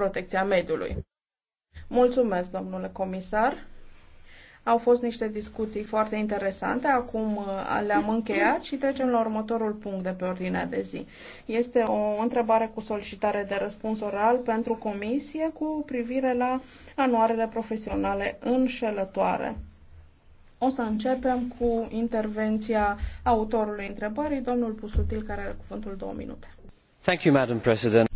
protecția mediului. Mulțumesc, domnule comisar. Au fost niște discuții foarte interesante. Acum uh, le-am încheiat și trecem la următorul punct de pe ordinea de zi. Este o întrebare cu solicitare de răspuns oral pentru comisie cu privire la anuarele profesionale înșelătoare. O să începem cu intervenția autorului întrebării, domnul Pusutil, care are cuvântul două minute. Thank you, Madam President.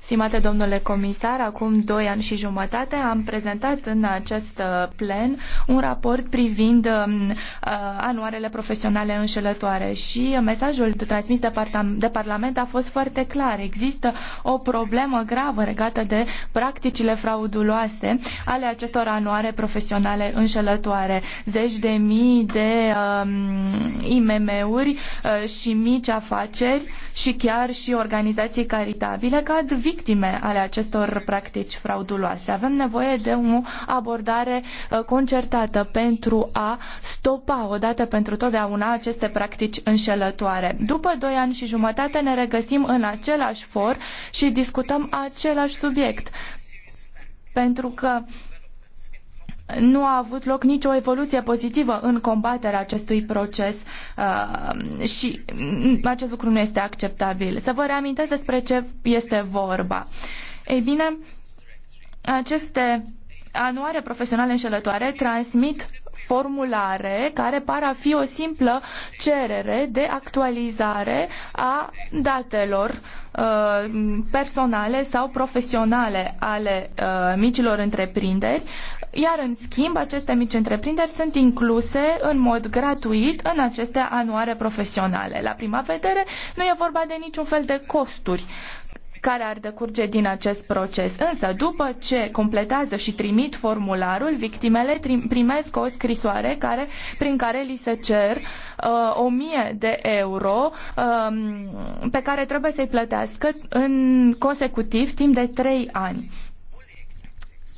Stimate domnule comisar, acum doi ani și jumătate am prezentat în acest uh, plen un raport privind um, uh, anuarele profesionale înșelătoare și mesajul transmis de, de Parlament a fost foarte clar. Există o problemă gravă legată de practicile frauduloase ale acestor anuare profesionale înșelătoare. Zeci de mii de um, IMM-uri uh, și mici afaceri și chiar și organizații caritabile cad victime ale acestor practici frauduloase. Avem nevoie de o abordare uh, concertată pentru a stopa odată pentru totdeauna aceste practici înșelătoare. După doi ani și jumătate ne regăsim în același for și discutăm același subiect. Pentru că nu a avut loc nicio evoluție pozitivă în combaterea acestui proces uh, și mm, acest lucru nu este acceptabil. Să vă reamintesc despre ce este vorba. Ei bine, aceste anuare profesionale înșelătoare transmit formulare care par a fi o simplă cerere de actualizare a datelor uh, personale sau profesionale ale uh, micilor întreprinderi iar în schimb aceste mici întreprinderi sunt incluse în mod gratuit în aceste anuare profesionale. La prima vedere nu e vorba de niciun fel de costuri care ar decurge din acest proces. Însă, după ce completează și trimit formularul, victimele primesc o scrisoare care, prin care li se cer uh, o uh, mie de euro uh, pe care trebuie să-i plătească în consecutiv timp de trei ani.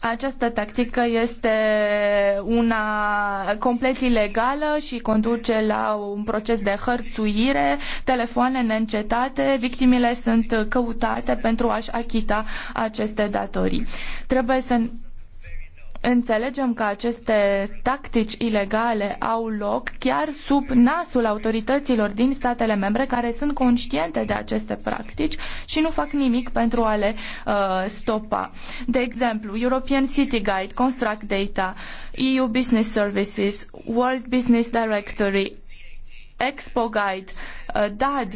Această tactică este una complet ilegală și conduce la un proces de hărțuire, telefoane neîncetate, victimele sunt căutate pentru a-și achita aceste datorii. Trebuie să Înțelegem că aceste tactici ilegale au loc chiar sub nasul autorităților din statele membre care sunt conștiente de aceste practici și nu fac nimic pentru a le uh, stopa. De exemplu, European City Guide, Construct Data, EU Business Services, World Business Directory, Expo Guide, uh, DAD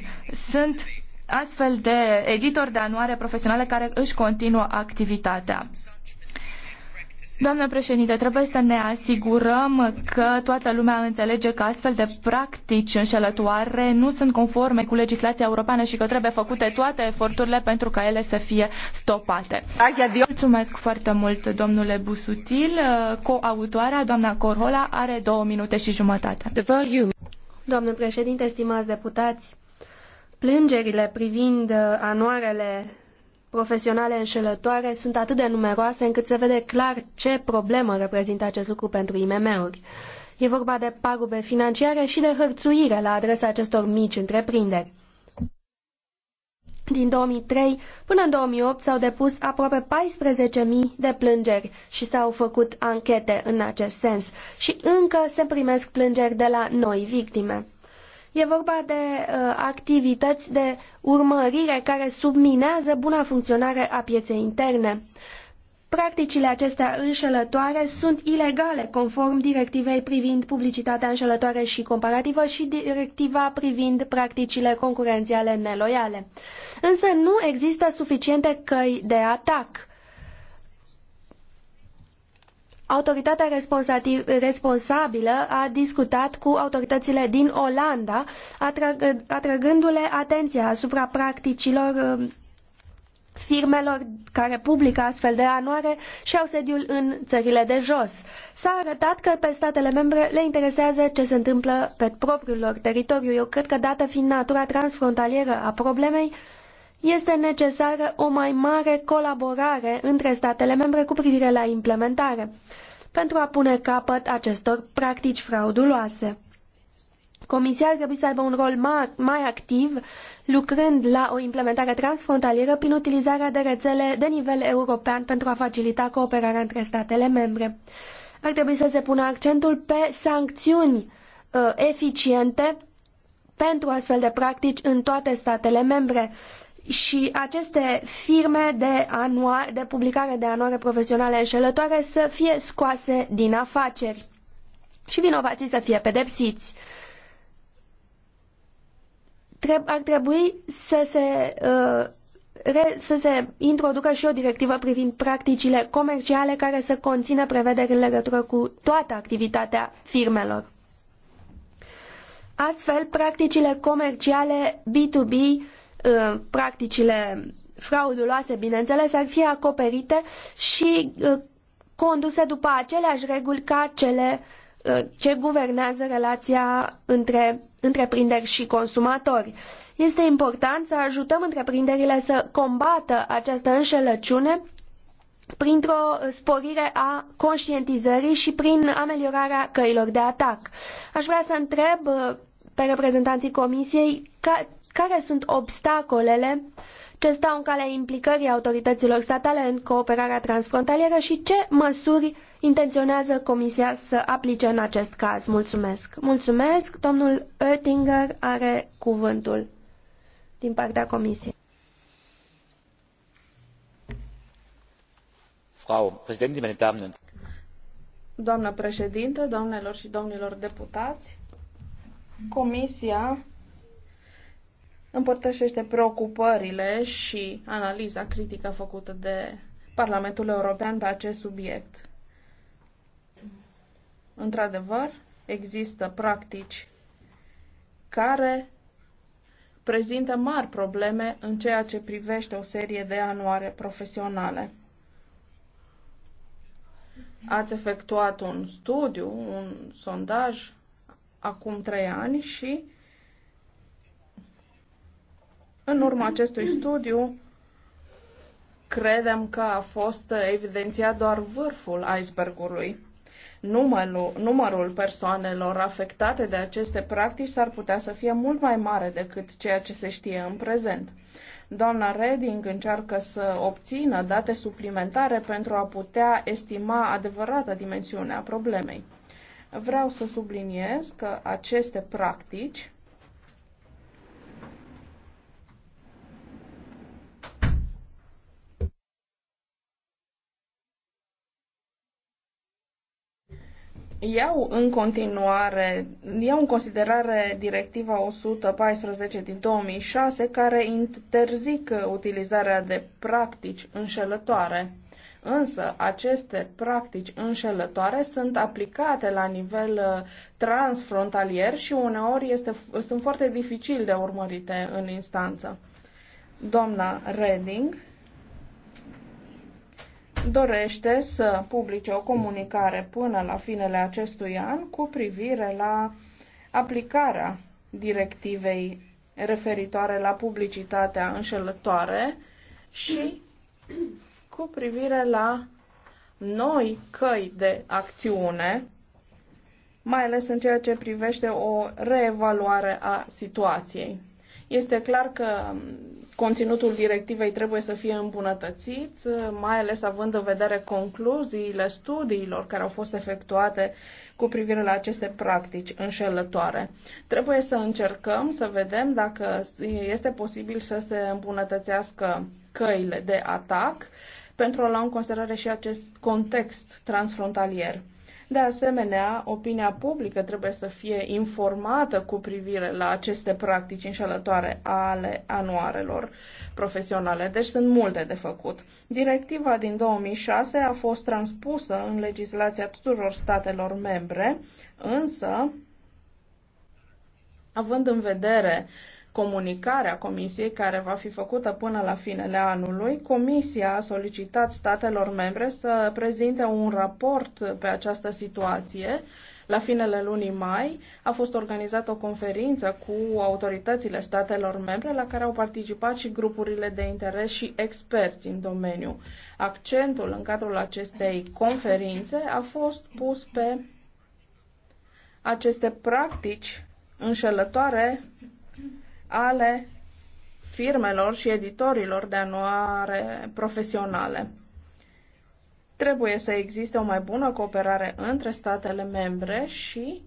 sunt astfel de editori de anuare profesionale care își continuă activitatea. Doamnă președinte, trebuie să ne asigurăm că toată lumea înțelege că astfel de practici înșelătoare nu sunt conforme cu legislația europeană și că trebuie făcute toate eforturile pentru ca ele să fie stopate. Mulțumesc foarte mult, domnule Busutil. Coautoarea, doamna Corhola, are două minute și jumătate. Doamnă președinte, stimați deputați, plângerile privind anuarele profesionale înșelătoare sunt atât de numeroase încât se vede clar ce problemă reprezintă acest lucru pentru IMM-uri. E vorba de pagube financiare și de hărțuire la adresa acestor mici întreprinderi. Din 2003 până în 2008 s-au depus aproape 14.000 de plângeri și s-au făcut anchete în acest sens și încă se primesc plângeri de la noi victime. E vorba de uh, activități de urmărire care subminează buna funcționare a pieței interne. Practicile acestea înșelătoare sunt ilegale conform directivei privind publicitatea înșelătoare și comparativă și directiva privind practicile concurențiale neloiale. Însă nu există suficiente căi de atac. Autoritatea responsabilă a discutat cu autoritățile din Olanda, atrăg, atrăgându-le atenția asupra practicilor um, firmelor care publică astfel de anuare și au sediul în țările de jos. S-a arătat că pe statele membre le interesează ce se întâmplă pe propriul lor teritoriu. Eu cred că, dată fiind natura transfrontalieră a problemei, este necesară o mai mare colaborare între statele membre cu privire la implementare pentru a pune capăt acestor practici frauduloase. Comisia ar trebui să aibă un rol mai, mai activ, lucrând la o implementare transfrontalieră prin utilizarea de rețele de nivel european pentru a facilita cooperarea între statele membre. Ar trebui să se pună accentul pe sancțiuni uh, eficiente pentru astfel de practici în toate statele membre și aceste firme de, anuar, de publicare de anuare profesionale înșelătoare să fie scoase din afaceri și vinovații să fie pedepsiți. Treb ar trebui să se, uh, re, să se introducă și o directivă privind practicile comerciale care să conțină prevederi în legătură cu toată activitatea firmelor. Astfel, practicile comerciale B2B Uh, practicile frauduloase, bineînțeles, ar fi acoperite și uh, conduse după aceleași reguli ca cele uh, ce guvernează relația între întreprinderi și consumatori. Este important să ajutăm întreprinderile să combată această înșelăciune printr-o sporire a conștientizării și prin ameliorarea căilor de atac. Aș vrea să întreb pe reprezentanții Comisiei care sunt obstacolele ce stau în calea implicării autorităților statale în cooperarea transfrontalieră și ce măsuri intenționează Comisia să aplice în acest caz? Mulțumesc! Mulțumesc! Domnul Oettinger are cuvântul din partea Comisiei. Frau Präsidentin, meine Damen und Doamnă președintă, doamnelor și domnilor deputați, Comisia împărtășește preocupările și analiza critică făcută de Parlamentul European pe acest subiect. Într-adevăr, există practici care prezintă mari probleme în ceea ce privește o serie de anuare profesionale. Ați efectuat un studiu, un sondaj acum trei ani și în urma acestui studiu, credem că a fost evidențiat doar vârful icebergului. Numărul, numărul persoanelor afectate de aceste practici s-ar putea să fie mult mai mare decât ceea ce se știe în prezent. Doamna Reding încearcă să obțină date suplimentare pentru a putea estima adevărata dimensiunea problemei. Vreau să subliniez că aceste practici iau în continuare, iau în considerare directiva 114 din 2006 care interzic utilizarea de practici înșelătoare. Însă aceste practici înșelătoare sunt aplicate la nivel uh, transfrontalier și uneori este, sunt foarte dificil de urmărite în instanță. Doamna Redding, dorește să publice o comunicare până la finele acestui an cu privire la aplicarea directivei referitoare la publicitatea înșelătoare și cu privire la noi căi de acțiune, mai ales în ceea ce privește o reevaluare a situației. Este clar că Conținutul directivei trebuie să fie îmbunătățit, mai ales având în vedere concluziile studiilor care au fost efectuate cu privire la aceste practici înșelătoare. Trebuie să încercăm să vedem dacă este posibil să se îmbunătățească căile de atac pentru a lua în considerare și acest context transfrontalier. De asemenea, opinia publică trebuie să fie informată cu privire la aceste practici înșelătoare ale anuarelor profesionale, deci sunt multe de făcut. Directiva din 2006 a fost transpusă în legislația tuturor statelor membre, însă, având în vedere uh, comunicarea Comisiei, care va fi făcută până la finele anului, Comisia a solicitat statelor membre să prezinte un raport pe această situație. La finele lunii mai a fost organizată o conferință cu autoritățile statelor membre la care au participat și grupurile de interes și experți în domeniu. Accentul în cadrul acestei conferințe a fost pus pe aceste practici înșelătoare ale firmelor și editorilor de anuare profesionale. Trebuie să existe o mai bună cooperare între statele membre și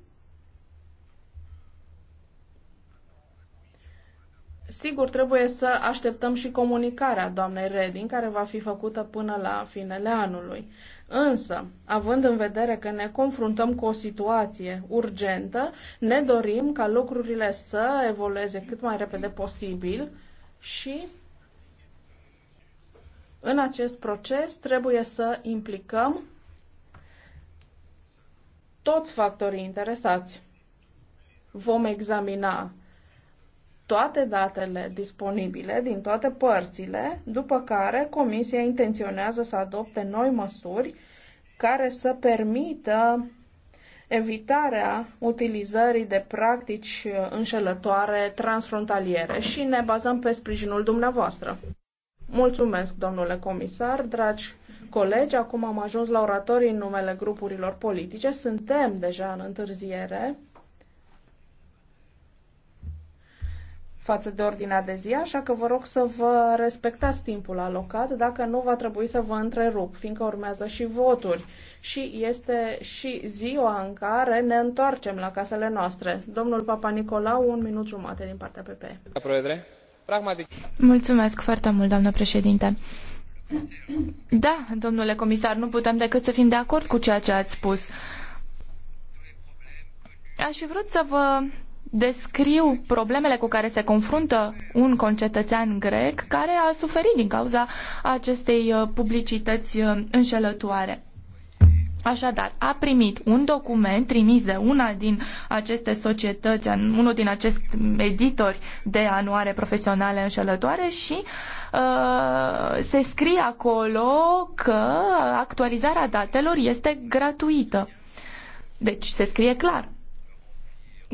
Sigur, trebuie să așteptăm și comunicarea doamnei Reding, care va fi făcută până la finele anului. Însă, având în vedere că ne confruntăm cu o situație urgentă, ne dorim ca lucrurile să evolueze cât mai repede posibil și în acest proces trebuie să implicăm toți factorii interesați. Vom examina toate datele disponibile din toate părțile, după care Comisia intenționează să adopte noi măsuri care să permită evitarea utilizării de practici înșelătoare transfrontaliere și ne bazăm pe sprijinul dumneavoastră. Mulțumesc, domnule comisar, dragi colegi, acum am ajuns la oratorii în numele grupurilor politice, suntem deja în întârziere. față de ordinea de zi, așa că vă rog să vă respectați timpul alocat, dacă nu va trebui să vă întrerup, fiindcă urmează și voturi și este și ziua în care ne întoarcem la casele noastre. Domnul Papa Nicolau, un minut jumate din partea PP. Mulțumesc foarte mult, doamnă președinte. Da, domnule comisar, nu putem decât să fim de acord cu ceea ce ați spus. Aș fi vrut să vă descriu problemele cu care se confruntă un concetățean grec care a suferit din cauza acestei uh, publicități uh, înșelătoare. Așadar, a primit un document trimis de una din aceste societăți, unul din acești editori de anuare profesionale înșelătoare și uh, se scrie acolo că actualizarea datelor este gratuită. Deci se scrie clar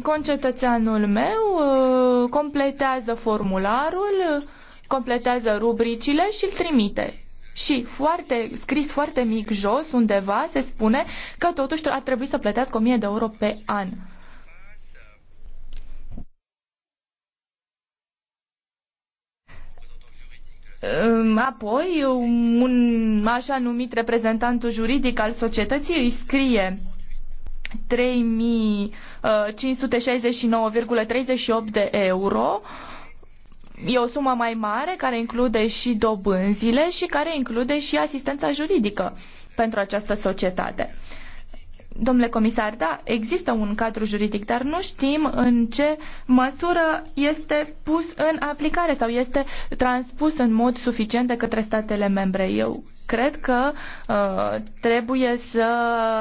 concetățeanul meu uh, completează formularul, completează rubricile și îl trimite. Și foarte, scris foarte mic jos, undeva, se spune că totuși ar trebui să plătească 1000 de euro pe an. Apoi, un așa numit reprezentant juridic al societății îi scrie 3569,38 uh, de euro. E o sumă mai mare care include și dobânzile și care include și asistența juridică pentru această societate. Domnule comisar, da, există un cadru juridic, dar nu știm în ce măsură este pus în aplicare sau este transpus în mod suficient de către statele membre. Eu cred că uh, trebuie să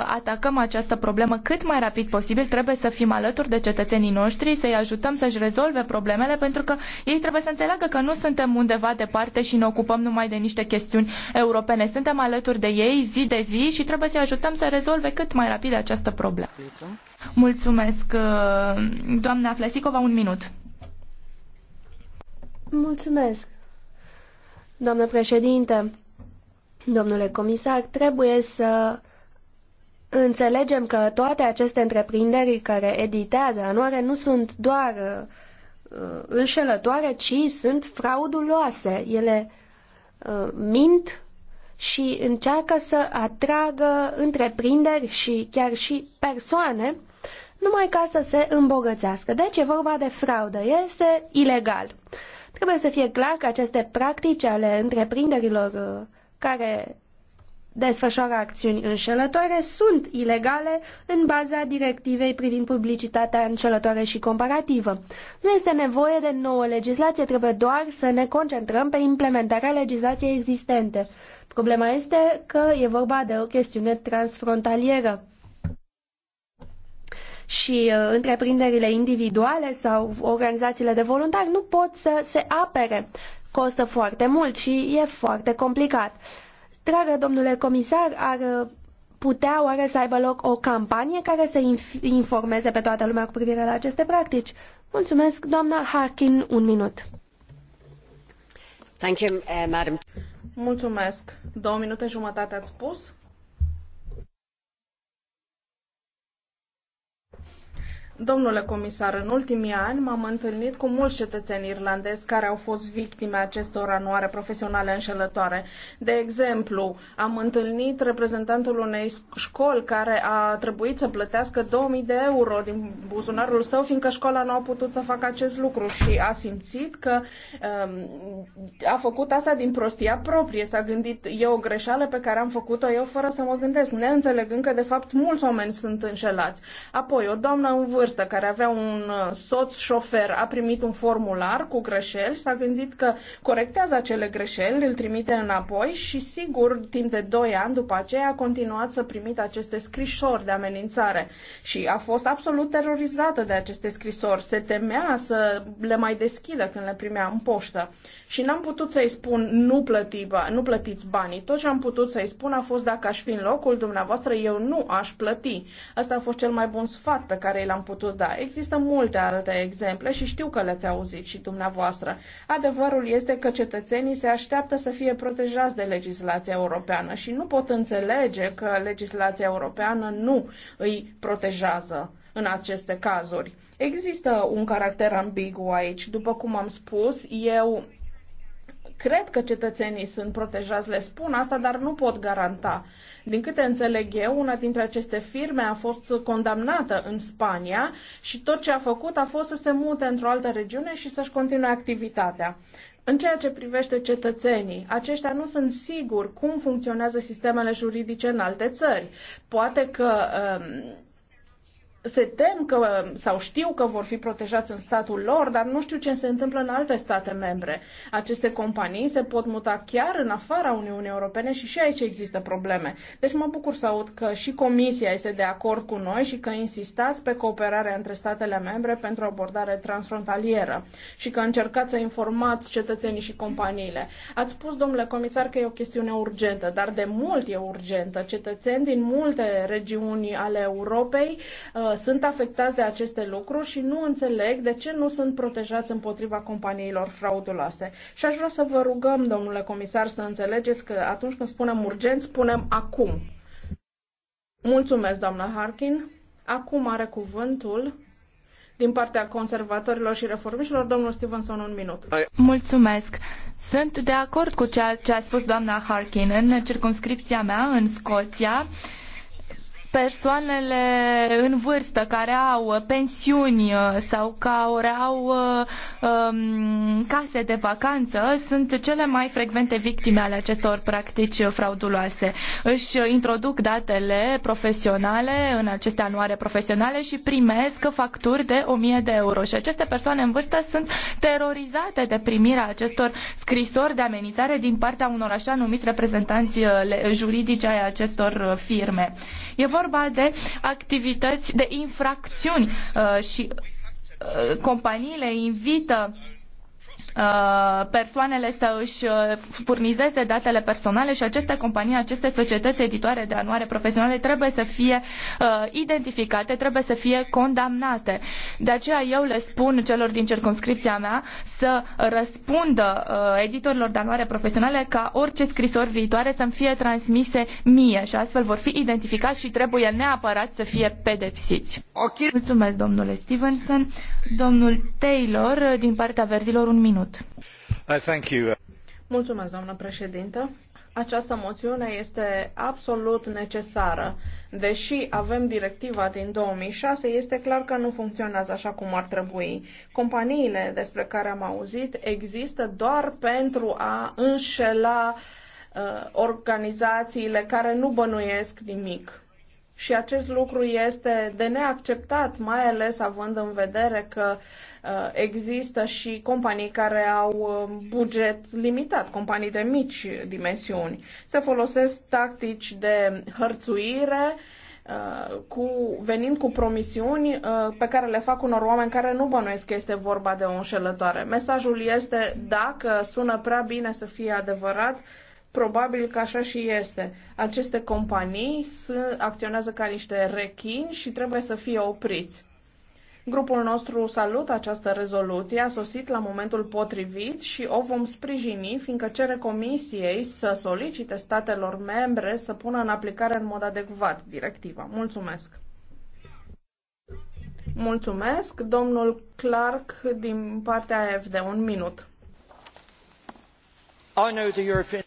atacăm această problemă cât mai rapid posibil, trebuie să fim alături de cetățenii noștri, să-i ajutăm să-și rezolve problemele, pentru că ei trebuie să înțeleagă că nu suntem undeva departe și ne ocupăm numai de niște chestiuni europene. Suntem alături de ei zi de zi și trebuie să-i ajutăm să rezolve cât mai rapid de această problemă. Mulțumesc. Uh, doamna Flesicova, un minut. Mulțumesc. Doamnă președinte, domnule comisar, trebuie să înțelegem că toate aceste întreprinderi care editează anuare nu sunt doar uh, înșelătoare, ci sunt frauduloase. Ele uh, mint și încearcă să atragă întreprinderi și chiar și persoane numai ca să se îmbogățească. Deci e vorba de fraudă, este ilegal. Trebuie să fie clar că aceste practici ale întreprinderilor uh, care desfășoară acțiuni înșelătoare sunt ilegale în baza directivei privind publicitatea înșelătoare și comparativă. Nu este nevoie de nouă legislație, trebuie doar să ne concentrăm pe implementarea legislației existente. Problema este că e vorba de o chestiune transfrontalieră și uh, întreprinderile individuale sau organizațiile de voluntari nu pot să se apere. Costă foarte mult și e foarte complicat. Dragă domnule comisar, ar uh, putea oare să aibă loc o campanie care să informeze pe toată lumea cu privire la aceste practici? Mulțumesc, doamna Harkin, un minut. Thank you, uh, madam. Mulțumesc. Două minute jumătate ați spus? Domnule comisar, în ultimii ani m-am întâlnit cu mulți cetățeni irlandezi care au fost victime acestor anuare profesionale înșelătoare. De exemplu, am întâlnit reprezentantul unei școli care a trebuit să plătească 2000 de euro din buzunarul său, fiindcă școala nu a putut să facă acest lucru și a simțit că um, a făcut asta din prostia proprie. S-a gândit, e o greșeală pe care am făcut-o eu fără să mă gândesc, neînțelegând că de fapt mulți oameni sunt înșelați. Apoi, o doamnă în vârstă vârstă care avea un uh, soț șofer a primit un formular cu greșeli, s-a gândit că corectează acele greșeli, îl trimite înapoi și sigur, timp de 2 ani după aceea a continuat să primit aceste scrisori de amenințare și a fost absolut terorizată de aceste scrisori. Se temea să le mai deschidă când le primea în poștă. Și n-am putut să-i spun nu, plăti, nu plătiți banii. Tot ce am putut să-i spun a fost dacă aș fi în locul dumneavoastră, eu nu aș plăti. Asta a fost cel mai bun sfat pe care l-am putut da. Există multe alte exemple și știu că le-ați auzit și dumneavoastră. Adevărul este că cetățenii se așteaptă să fie protejați de legislația europeană și nu pot înțelege că legislația europeană nu îi protejează în aceste cazuri. Există un caracter ambigu aici. După cum am spus, eu cred că cetățenii sunt protejați, le spun asta, dar nu pot garanta. Din câte înțeleg eu, una dintre aceste firme a fost condamnată în Spania și tot ce a făcut a fost să se mute într-o altă regiune și să-și continue activitatea. În ceea ce privește cetățenii, aceștia nu sunt siguri cum funcționează sistemele juridice în alte țări. Poate că um, se tem că sau știu că vor fi protejați în statul lor, dar nu știu ce se întâmplă în alte state membre. Aceste companii se pot muta chiar în afara Uniunii Europene și și aici există probleme. Deci mă bucur să aud că și Comisia este de acord cu noi și că insistați pe cooperarea între statele membre pentru abordare transfrontalieră și că încercați să informați cetățenii și companiile. Ați spus, domnule comisar, că e o chestiune urgentă, dar de mult e urgentă. Cetățeni din multe regiuni ale Europei uh, sunt afectați de aceste lucruri și nu înțeleg de ce nu sunt protejați împotriva companiilor frauduloase. Și aș vrea să vă rugăm, domnule comisar, să înțelegeți că atunci când spunem urgent, spunem acum. Mulțumesc, doamna Harkin. Acum are cuvântul din partea conservatorilor și reformiștilor, domnul Stevenson, un minut. Mulțumesc. Sunt de acord cu ceea ce a spus doamna Harkin. În circumscripția mea, în Scoția, uh, persoanele în vârstă care au uh, pensiuni uh, sau care au uh, um, case de vacanță sunt cele mai frecvente victime ale acestor practici frauduloase. Își introduc datele profesionale în aceste anuare profesionale și primesc facturi de 1000 de euro. Și aceste persoane în vârstă sunt terorizate de primirea acestor scrisori de amenințare din partea unor așa numiți reprezentanți juridici ai acestor firme. E vorba vorba de activități, de infracțiuni uh, și uh, companiile invită Uh, persoanele să își uh, furnizeze datele personale și aceste companii, aceste societăți editoare de anuare profesionale trebuie să fie uh, identificate, trebuie să fie condamnate. De aceea eu le spun celor din circumscripția mea să răspundă editorilor de anuare profesionale ca orice scrisori viitoare să-mi fie transmise mie și astfel vor fi identificați și trebuie neapărat să fie pedepsiți. Okay. Mulțumesc, domnule Stevenson. Domnul Taylor, din partea verzilor, un minut. Mulțumesc, Această moțiune este absolut necesară. Deși avem directiva din 2006, este clar că nu funcționează așa cum ar trebui. Companiile despre care am auzit există doar pentru a înșela uh, organizațiile care nu bănuiesc nimic. Și acest lucru este de neacceptat, mai ales având în vedere că uh, Uh, există și companii care au um, buget limitat, companii de mici dimensiuni. Se folosesc tactici de hărțuire, uh, cu, venind cu promisiuni uh, pe care le fac unor oameni care nu bănuiesc că este vorba de o înșelătoare. Mesajul este, dacă sună prea bine să fie adevărat, probabil că așa și este. Aceste companii sunt, acționează ca niște rechini și trebuie să fie opriți. Grupul nostru salută această rezoluție, a sosit la momentul potrivit și o vom sprijini, fiindcă cere Comisiei să solicite statelor membre să pună în aplicare în mod adecvat directiva. Mulțumesc! Mulțumesc, domnul Clark, din partea AFD. Un minut. I know the European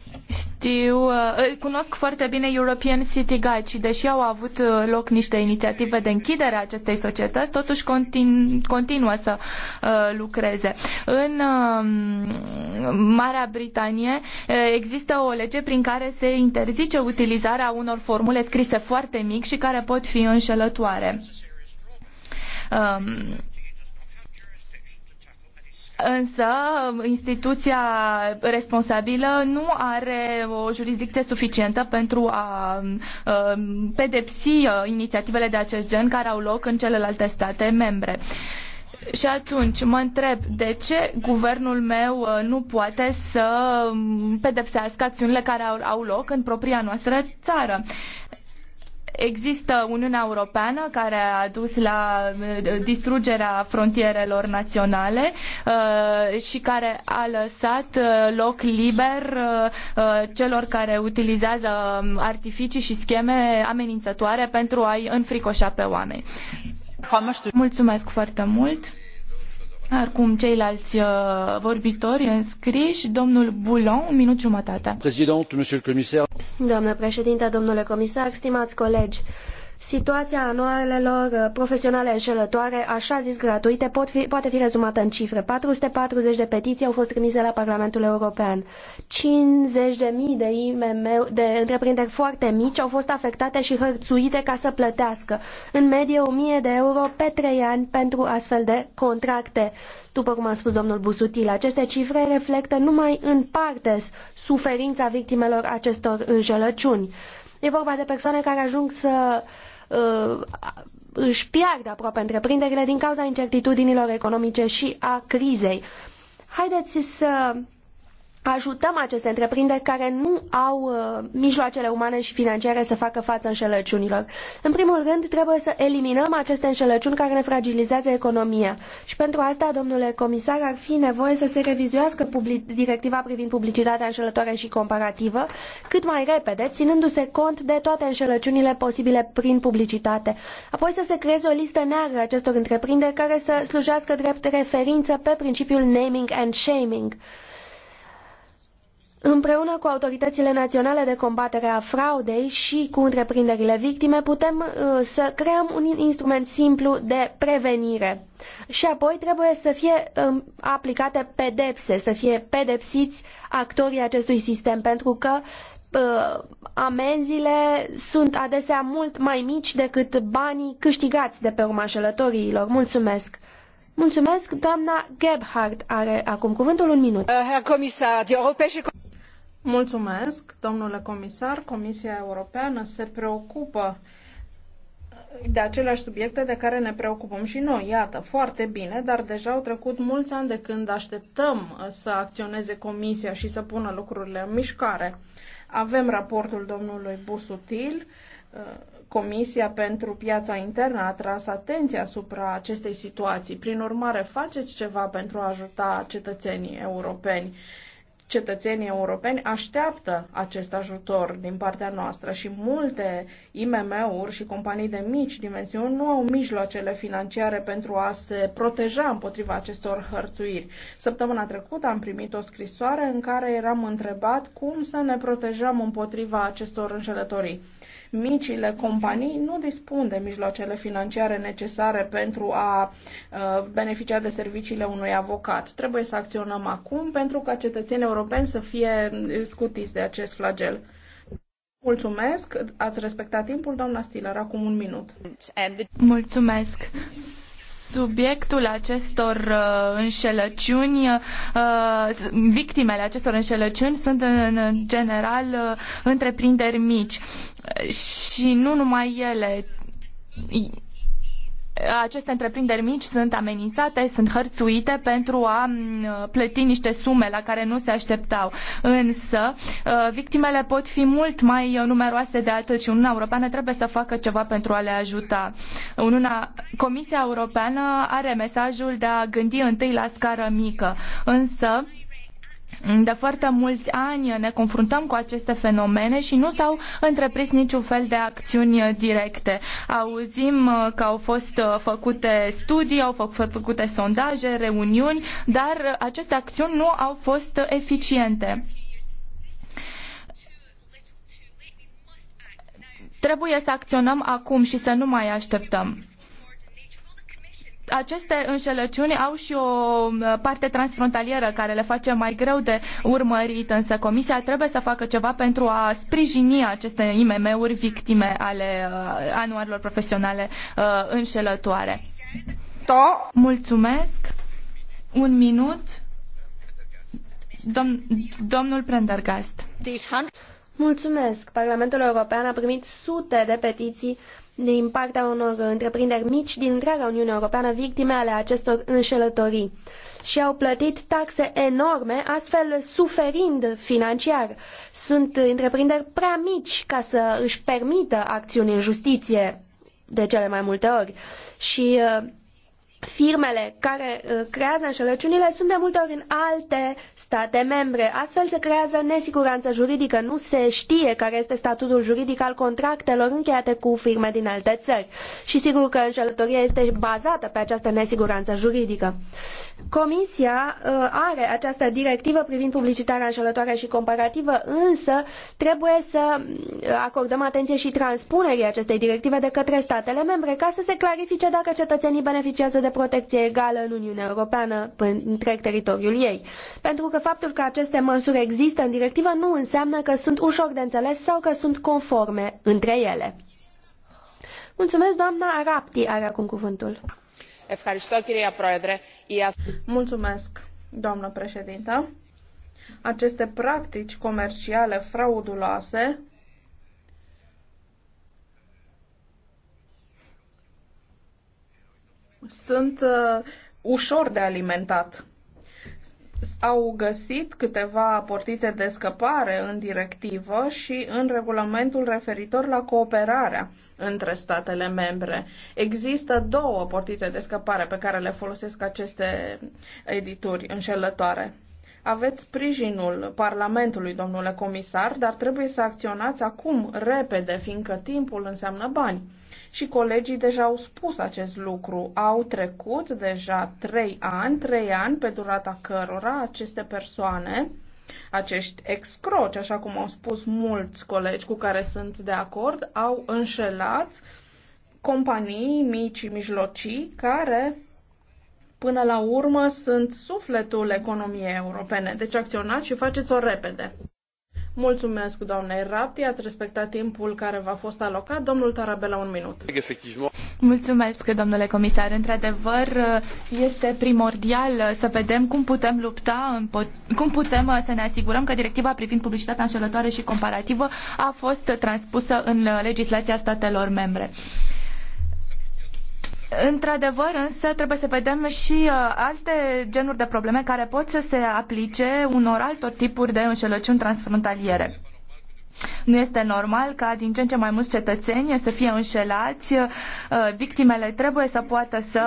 știu, uh, cunosc foarte bine European City Guide și deși au avut uh, loc niște inițiative de închidere a acestei societăți, totuși continu- continuă să uh, lucreze. În um, Marea Britanie există o lege prin care se interzice utilizarea unor formule scrise foarte mic și care pot fi înșelătoare. Um, Însă, instituția responsabilă nu are o jurisdicție suficientă pentru a pedepsi uh, inițiativele de acest gen care au loc în celelalte state membre. Și atunci mă întreb de ce guvernul meu uh, nu poate să pedepsească acțiunile care au, au loc în propria noastră țară. Există Uniunea Europeană care a dus la uh, distrugerea frontierelor naționale uh, și care a lăsat uh, loc liber celor care utilizează um, artificii și scheme amenințătoare pentru a-i înfricoșa pe oameni. Mulțumesc foarte mult! Acum ceilalți uh, vorbitori înscriși, domnul Boulon, un minut jumătate. președinte, domnule comisar, stimați colegi, Situația anualelor uh, profesionale înșelătoare, așa zis gratuite, pot fi, poate fi rezumată în cifre. 440 de petiții au fost trimise la Parlamentul European. 50.000 de mii de IMM, de întreprinderi foarte mici au fost afectate și hărțuite ca să plătească. În medie 1000 de euro pe 3 ani pentru astfel de contracte. După cum a spus domnul Busutil, aceste cifre reflectă numai în parte suferința victimelor acestor înșelăciuni. E vorba de persoane care ajung să Uh, își pierd aproape întreprinderile din cauza incertitudinilor economice și a crizei. Haideți să ajutăm aceste întreprinderi care nu au uh, mijloacele umane și financiare să facă față înșelăciunilor. În primul rând, trebuie să eliminăm aceste înșelăciuni care ne fragilizează economia. Și pentru asta, domnule comisar, ar fi nevoie să se revizuiască directiva privind publicitatea înșelătoare și comparativă cât mai repede, ținându-se cont de toate înșelăciunile posibile prin publicitate. Apoi să se creeze o listă neagră acestor întreprinderi care să slujească drept referință pe principiul naming and shaming. Împreună cu autoritățile naționale de combatere a fraudei și cu întreprinderile victime, putem uh, să creăm un instrument simplu de prevenire. Și apoi trebuie să fie um, aplicate pedepse, să fie pedepsiți actorii acestui sistem, pentru că uh, amenziile sunt adesea mult mai mici decât banii câștigați de pe urma șelătoriilor. Mulțumesc! Mulțumesc, doamna Gebhardt are acum cuvântul un minut. Uh, Herr Comisar, die Europäische Mulțumesc, domnule comisar. Comisia Europeană se preocupă de aceleași subiecte de care ne preocupăm și noi. Iată, foarte bine, dar deja au trecut mulți ani de când așteptăm să acționeze Comisia și să pună lucrurile în mișcare. Avem raportul domnului Busutil. Comisia pentru piața internă a tras atenția asupra acestei situații. Prin urmare, faceți ceva pentru a ajuta cetățenii europeni cetățenii europeni așteaptă acest ajutor din partea noastră și multe IMM-uri și companii de mici dimensiuni nu au mijloacele financiare pentru a se proteja împotriva acestor hărțuiri. Săptămâna trecută am primit o scrisoare în care eram întrebat cum să ne protejăm împotriva acestor înșelătorii. Micile companii nu dispun de mijloacele financiare necesare pentru a uh, beneficia de serviciile unui avocat. Trebuie să acționăm acum pentru ca cetățenii europeni să fie scutiți de acest flagel. Mulțumesc, ați respectat timpul, doamna Stiller, acum un minut. Mulțumesc subiectul acestor uh, înșelăciuni, uh, victimele acestor înșelăciuni sunt în, general uh, întreprinderi mici. Și nu numai ele. Aceste întreprinderi mici sunt amenințate, sunt hărțuite pentru a plăti niște sume la care nu se așteptau. Însă, uh, victimele pot fi mult mai numeroase de atât și Uniunea Europeană trebuie să facă ceva pentru a le ajuta. Uniunea, Comisia Europeană are mesajul de a gândi întâi la scară mică, însă de foarte mulți ani ne confruntăm cu aceste fenomene și nu s-au întreprins niciun fel de acțiuni directe. Auzim uh, că au fost uh, făcute studii, au fost făcute sondaje, reuniuni, dar uh, aceste acțiuni nu au fost eficiente. Trebuie să acționăm acum și să nu mai așteptăm aceste înșelăciuni au și o um, parte transfrontalieră care le face mai greu de urmărit, însă Comisia trebuie să facă ceva pentru a sprijini aceste IMM-uri victime ale uh, anuarilor profesionale uh, înșelătoare. To. Mulțumesc. Un minut. Dom domnul Prendergast. Mulțumesc. Parlamentul European a primit sute de petiții din partea unor întreprinderi mici din întreaga Uniune Europeană victime ale acestor înșelătorii și au plătit taxe enorme, astfel suferind financiar. Sunt întreprinderi prea mici ca să își permită acțiuni în justiție de cele mai multe ori și uh, firmele care uh, creează înșelăciunile sunt de multe ori în alte state membre. Astfel se creează nesiguranță juridică. Nu se știe care este statutul juridic al contractelor încheiate cu firme din alte țări. Și sigur că înșelătoria este bazată pe această nesiguranță juridică. Comisia uh, are această directivă privind publicitatea înșelătoare și comparativă, însă trebuie să uh, acordăm atenție și transpunerii acestei directive de către statele membre ca să se clarifice dacă cetățenii beneficiază de protecție egală în Uniunea Europeană, pe întreg teritoriul ei. Pentru că faptul că aceste măsuri există în directivă nu înseamnă că sunt ușor de înțeles sau că sunt conforme între ele. Mulțumesc, doamna Rapti are acum cuvântul. Mulțumesc, doamnă președintă. Aceste practici comerciale frauduloase sunt uh, ușor de alimentat. Au găsit câteva portițe de scăpare în directivă și în regulamentul referitor la cooperarea între statele membre. Există două portițe de scăpare pe care le folosesc aceste edituri înșelătoare. Aveți sprijinul Parlamentului, domnule comisar, dar trebuie să acționați acum, repede, fiindcă timpul înseamnă bani. Și colegii deja au spus acest lucru. Au trecut deja trei ani, trei ani pe durata cărora aceste persoane, acești excroci, așa cum au spus mulți colegi cu care sunt de acord, au înșelat companii mici și mijlocii care Până la urmă sunt sufletul economiei europene, deci acționați și faceți-o repede. Mulțumesc, doamnei Rapi, ați respectat timpul care v-a fost alocat. Domnul Tarabela, un minut. Mulțumesc, domnule comisar. Într-adevăr, este primordial să vedem cum putem lupta, cum putem să ne asigurăm că directiva privind publicitatea înșelătoare și comparativă a fost transpusă în legislația statelor membre. Într-adevăr, însă, trebuie să vedem și uh, alte genuri de probleme care pot să se aplice unor altor tipuri de înșelăciuni transfrontaliere. Nu este normal ca din ce în ce mai mulți cetățeni să fie înșelați. Uh, victimele trebuie să poată să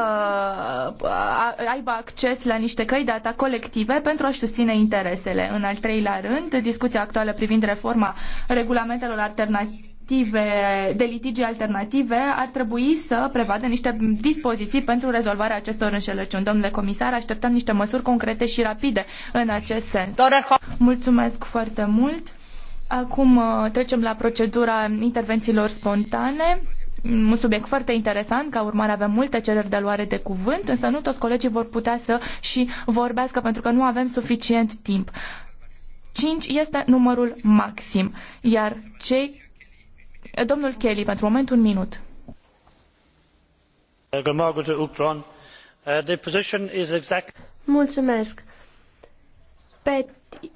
uh, aibă acces la niște căi de atac colective pentru a-și susține interesele. În al treilea rând, discuția actuală privind reforma regulamentelor alternative alternative, de litigi alternative ar trebui să prevadă niște dispoziții pentru rezolvarea acestor înșelăciuni. Domnule comisar, așteptăm niște măsuri concrete și rapide în acest sens. Mulțumesc foarte mult. Acum uh, trecem la procedura intervențiilor spontane. Un subiect foarte interesant, ca urmare avem multe cereri de luare de cuvânt, însă nu toți colegii vor putea să și vorbească pentru că nu avem suficient timp. 5 este numărul maxim, iar cei Domnul Kelly, pentru moment un minut. Mulțumesc.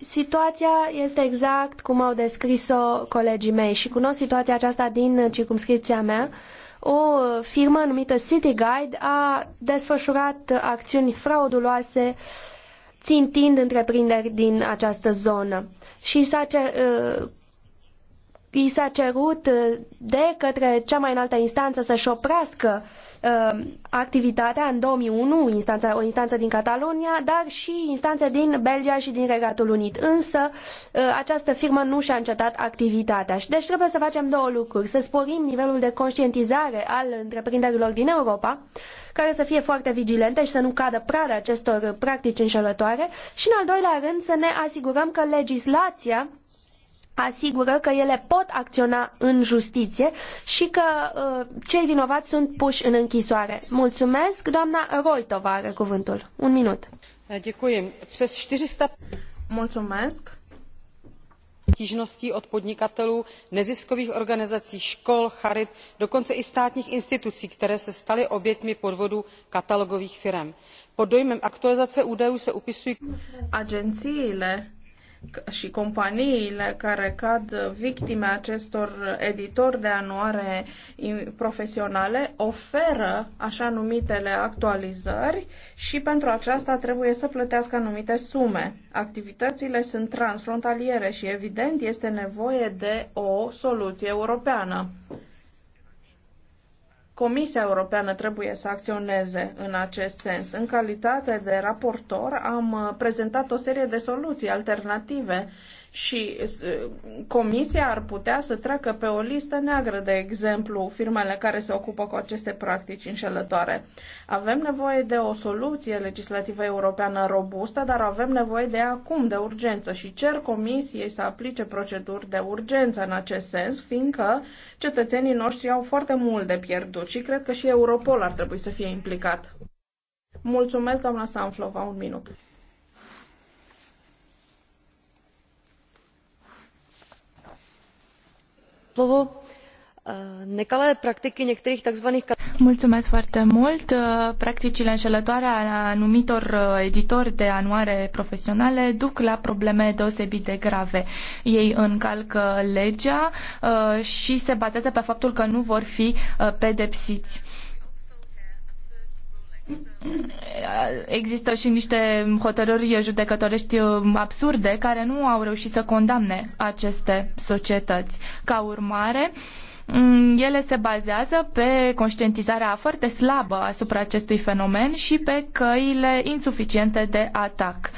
situația este exact cum au descris-o colegii mei și cunosc situația aceasta din circumscripția mea. O firmă numită City Guide a desfășurat acțiuni frauduloase țintind întreprinderi din această zonă. Și s-a cer, i s-a cerut uh, de către cea mai înaltă instanță să-și oprească uh, activitatea în 2001, instanța, o instanță din Catalonia, dar și instanțe din Belgia și din Regatul Unit. Însă uh, această firmă nu și-a încetat activitatea. deci trebuie să facem două lucruri. Să sporim nivelul de conștientizare al întreprinderilor din Europa, care să fie foarte vigilente și să nu cadă pradă acestor practici înșelătoare și, în al doilea rând, să ne asigurăm că legislația asigură că ele pot acționa în justiție și că uh, cei vinovați sunt puși în închisoare. Mulțumesc, doamna Roitova are cuvântul. Un minut. Mulțumesc. Stížností od podnikatelů, neziskových organizací, škol, charit, dokonce i státních institucí, které se staly oběťmi podvodu katalogových firm. Pod dojmem aktualizace údajů se upisují... Agenciile și companiile care cad victime acestor editori de anuare profesionale oferă așa numitele actualizări și pentru aceasta trebuie să plătească anumite sume. Activitățile sunt transfrontaliere și evident este nevoie de o soluție europeană. Comisia Europeană trebuie să acționeze în acest sens. În calitate de raportor am uh, prezentat o serie de soluții alternative și uh, comisia ar putea să treacă pe o listă neagră, de exemplu, firmele care se ocupă cu aceste practici înșelătoare. Avem nevoie de o soluție legislativă europeană robustă, dar avem nevoie de acum, de urgență și cer comisiei să aplice proceduri de urgență în acest sens, fiindcă cetățenii noștri au foarte mult de pierdut și cred că și Europol ar trebui să fie implicat. Mulțumesc, doamna Sanflova, un minut. Eh, necalele practici některých tzv. Eh, practicile înșelătoare ale anumitor eh, editori de anuare profesionale duc la probleme deosebit de grave. Ei încalcă legea și se bazează pe faptul că nu vor fi pedepsiți există și niște hotărâri judecătorești uh, absurde care nu au reușit să condamne aceste societăți. Ca urmare, mm, ele se bazează pe conștientizarea foarte slabă asupra acestui fenomen și pe căile insuficiente de atac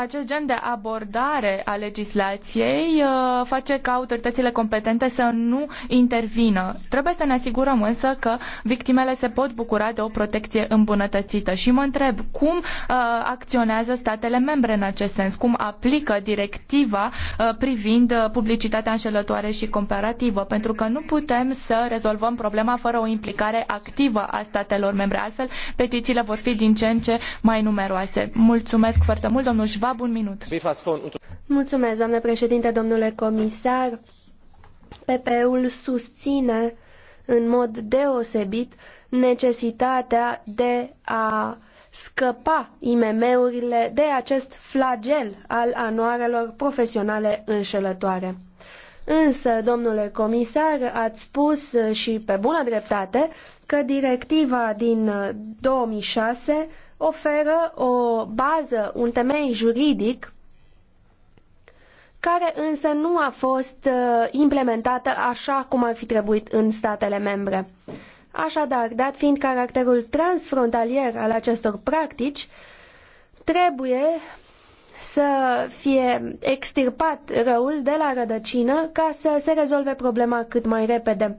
acest gen de abordare a legislației uh, face ca autoritățile competente să nu intervină. Trebuie să ne asigurăm însă că victimele se pot bucura de o protecție îmbunătățită și mă întreb cum uh, acționează statele membre în acest sens, cum aplică directiva uh, privind publicitatea înșelătoare și comparativă, pentru că nu putem să rezolvăm problema fără o implicare activă a statelor membre, altfel petițiile vor fi din ce în ce mai numeroase. Mulțumesc foarte mult, domnul Schwab Schwab, un minut. Mulțumesc, doamnă președinte, domnule comisar. PP-ul susține în mod deosebit necesitatea de a scăpa IMM-urile de acest flagel al anuarelor profesionale înșelătoare. Însă, domnule comisar, ați spus și pe bună dreptate că directiva din 2006 oferă o bază, un temei juridic care însă nu a fost uh, implementată așa cum ar fi trebuit în statele membre. Așadar, dat fiind caracterul transfrontalier al acestor practici, trebuie să fie extirpat răul de la rădăcină ca să se rezolve problema cât mai repede.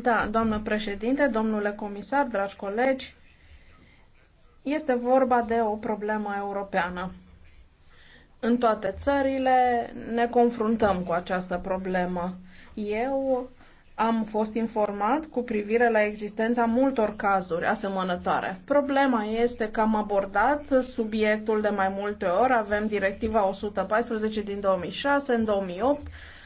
Da, doamnă președinte, domnule comisar, dragi colegi, este vorba de o problemă europeană. În toate țările ne confruntăm cu această problemă. Eu am fost informat cu privire la existența multor cazuri asemănătoare. Problema este că am abordat subiectul de mai multe ori. Avem directiva 114 din 2006, în 2008,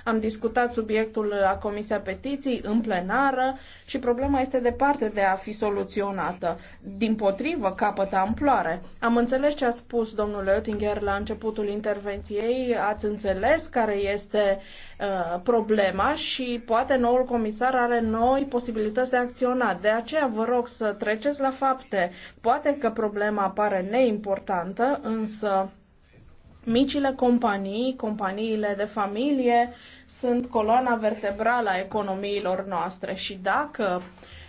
am discutat subiectul la Comisia Petiții, în plenară și problema este departe de a fi soluționată. Din potrivă, capătă amploare. Am înțeles ce a spus domnul Oettinger la începutul intervenției, ați înțeles care este uh, problema și poate noul comisar are noi posibilități de a acționa. De aceea vă rog să treceți la fapte. Poate că problema apare neimportantă, însă Micile companii, companiile de familie sunt coloana vertebrală a economiilor noastre și dacă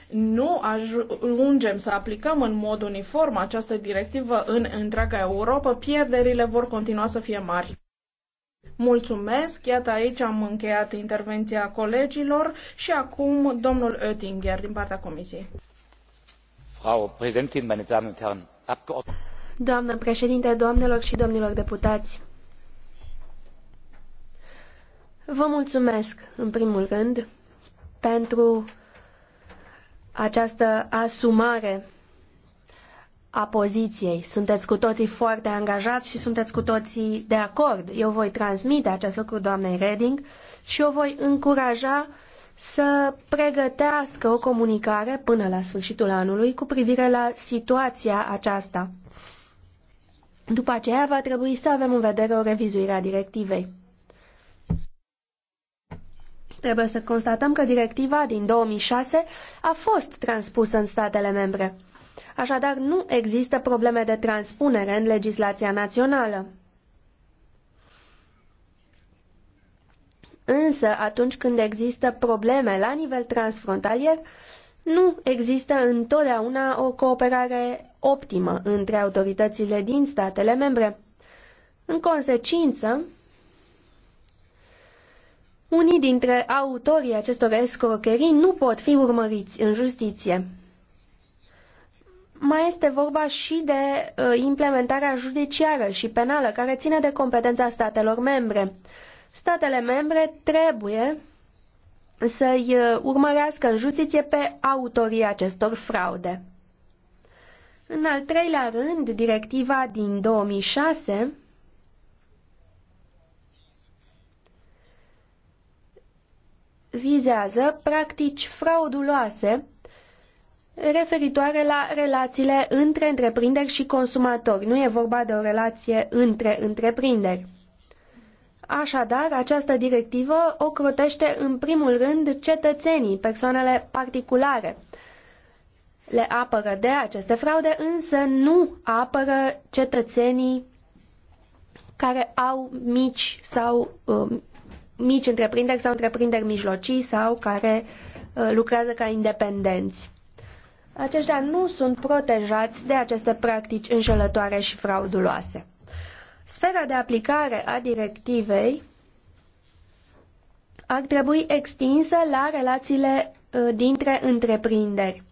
nu ajungem să aplicăm în mod uniform această directivă în întreaga Europa, pierderile vor continua să fie mari. Mulțumesc, iată aici am încheiat intervenția colegilor și acum domnul Oettinger din partea Comisiei. Frau Präsidentin, meine Damen und Herren Abgeordnete. Doamnă președinte, doamnelor și domnilor deputați, vă mulțumesc, în primul rând, pentru această asumare a poziției. Sunteți cu toții foarte angajați și sunteți cu toții de acord. Eu voi transmite acest lucru doamnei Reding și o voi încuraja să pregătească o comunicare până la sfârșitul anului cu privire la situația aceasta. După aceea va trebui să avem în vedere o revizuire a directivei. Trebuie să constatăm că directiva din 2006 a fost transpusă în statele membre. Așadar, nu există probleme de transpunere în legislația națională. Însă, atunci când există probleme la nivel transfrontalier, nu există întotdeauna o cooperare optimă între autoritățile din statele membre. În consecință, unii dintre autorii acestor escrocherii nu pot fi urmăriți în justiție. Mai este vorba și de uh, implementarea judiciară și penală, care ține de competența statelor membre. Statele membre trebuie să-i uh, urmărească în justiție pe autorii acestor fraude. În al treilea rând, directiva din 2006 vizează practici frauduloase referitoare la relațiile între întreprinderi și consumatori. Nu e vorba de o relație între întreprinderi. Așadar, această directivă ocrotește în primul rând cetățenii, persoanele particulare le apără de aceste fraude, însă nu apără cetățenii care au mici sau um, mici întreprinderi sau întreprinderi mijlocii sau care uh, lucrează ca independenți. Aceștia nu sunt protejați de aceste practici înșelătoare și frauduloase. Sfera de aplicare a directivei ar trebui extinsă la relațiile uh, dintre întreprinderi.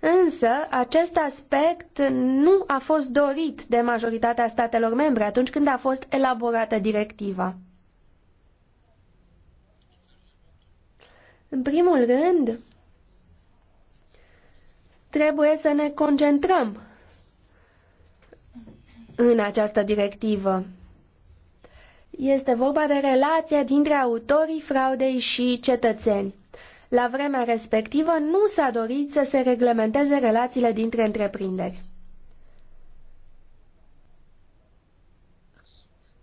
Însă, acest aspect nu a fost dorit de majoritatea statelor membre atunci când a fost elaborată directiva. În primul rând, trebuie să ne concentrăm în această directivă. Este vorba de relația dintre autorii fraudei și cetățeni. La vremea respectivă nu s-a dorit să se reglementeze relațiile dintre întreprinderi.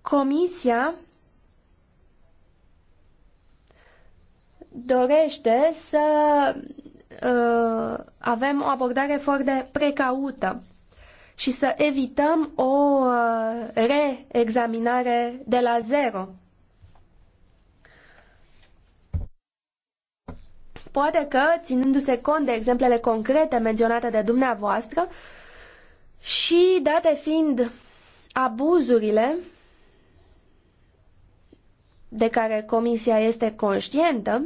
Comisia dorește să uh, avem o abordare foarte precaută și să evităm o uh, reexaminare de la zero Poate că, ținându-se cont de exemplele concrete menționate de dumneavoastră și date fiind abuzurile de care Comisia este conștientă,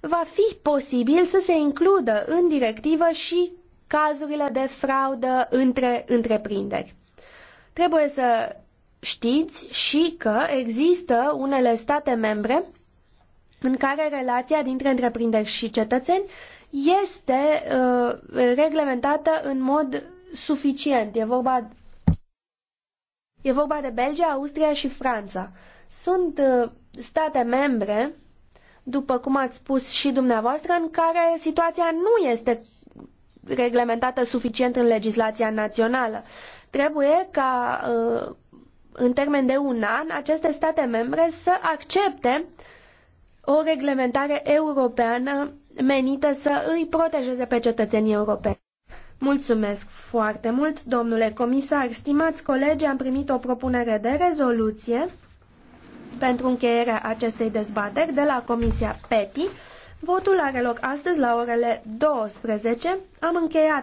va fi posibil să se includă în directivă și cazurile de fraudă între întreprinderi. Trebuie să știți și că există unele state membre în care relația dintre întreprinderi și cetățeni este uh, reglementată în mod suficient. E vorba, e vorba de Belgia, Austria și Franța. Sunt uh, state membre, după cum ați spus și dumneavoastră, în care situația nu este reglementată suficient în legislația națională. Trebuie ca, uh, în termen de un an, aceste state membre să accepte uh, o reglementare europeană menită să îi protejeze pe cetățenii europeni. Mulțumesc foarte mult, domnule comisar. Stimați colegi, am primit o propunere de rezoluție pentru încheierea acestei dezbateri de la Comisia PETI. Votul are loc astăzi la orele 12. Am încheiat